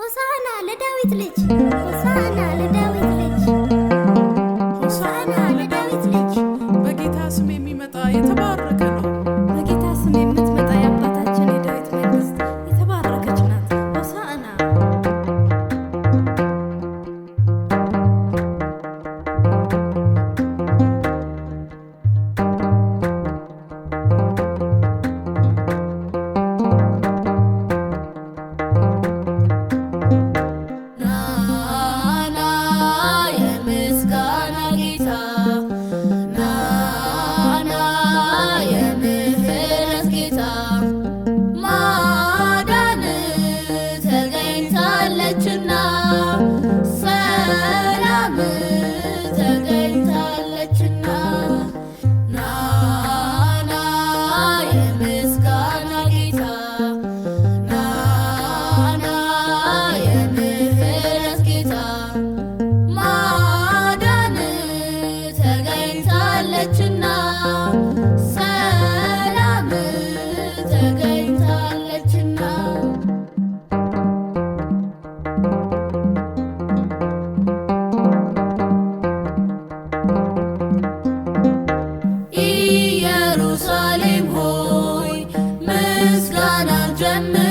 ሆሳና ለዳዊት ልጅ 专门。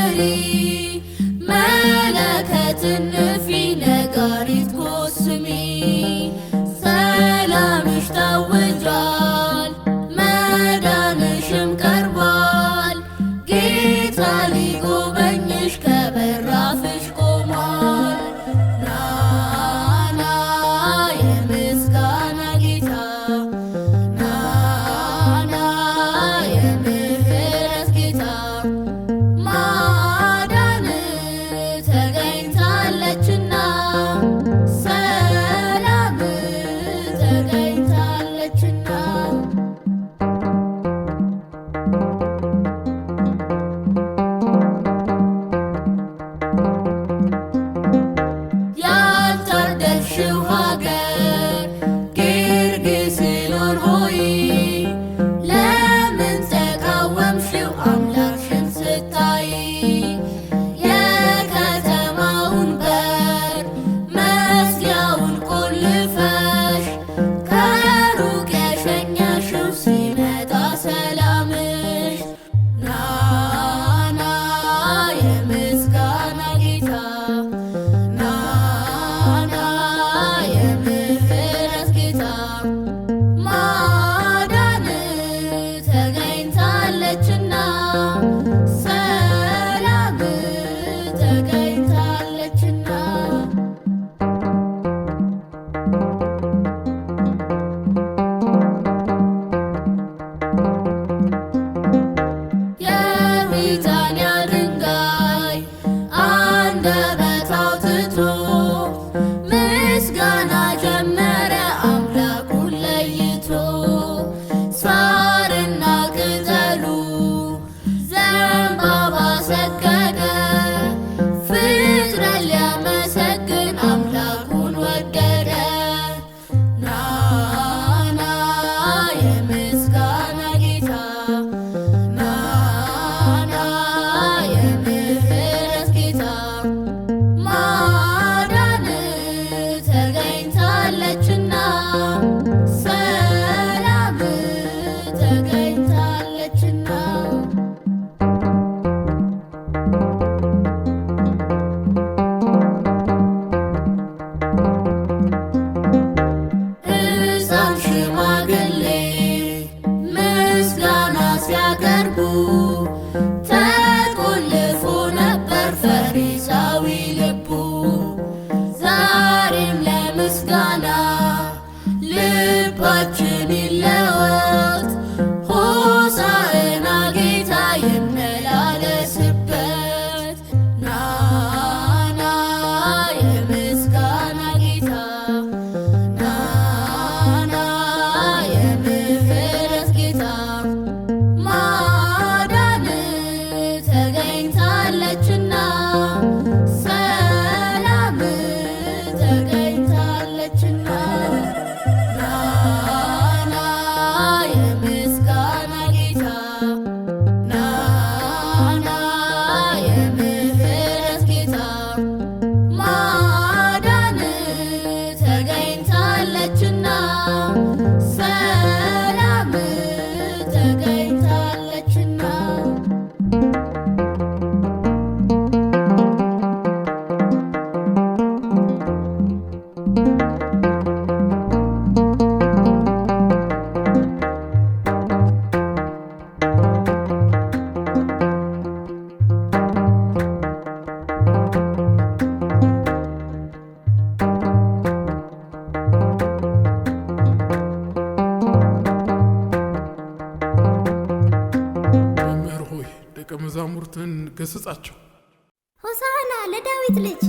ሆሳና ለዳዊት ልጅ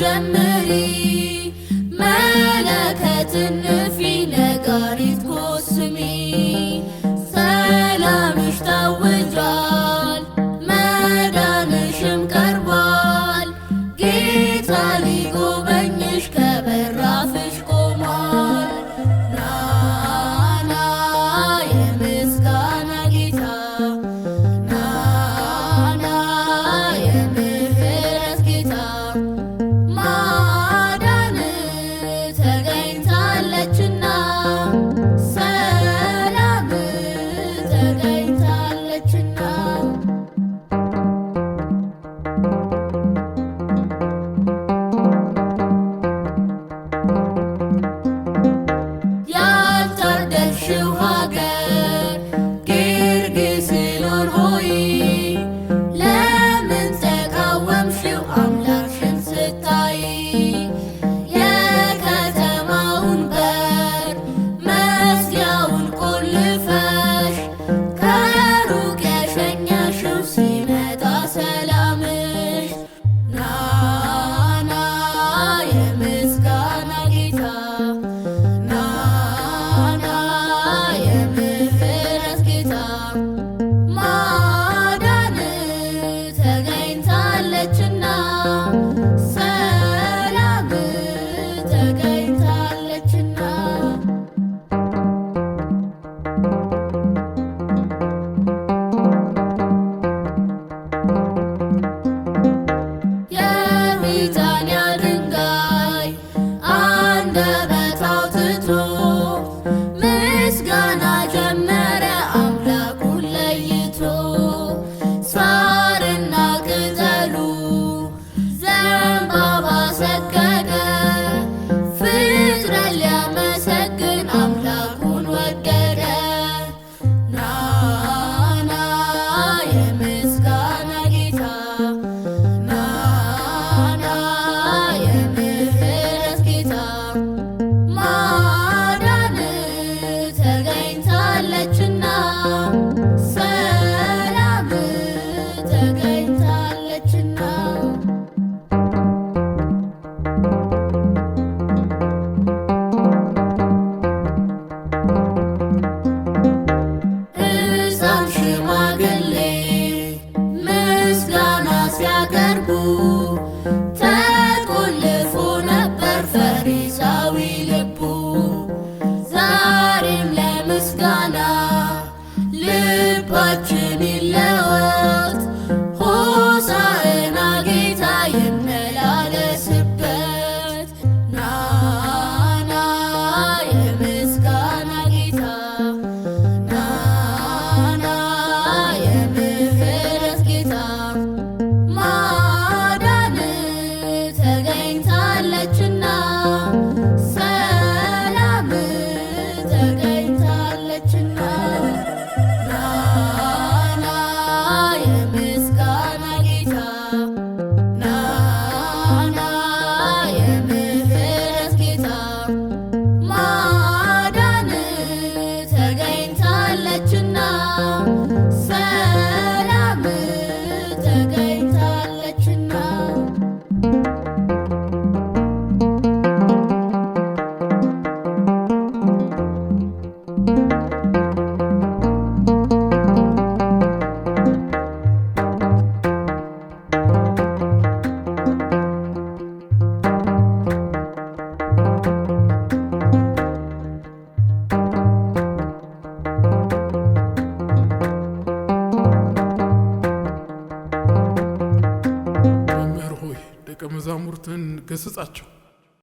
ጀምሪ መለከትን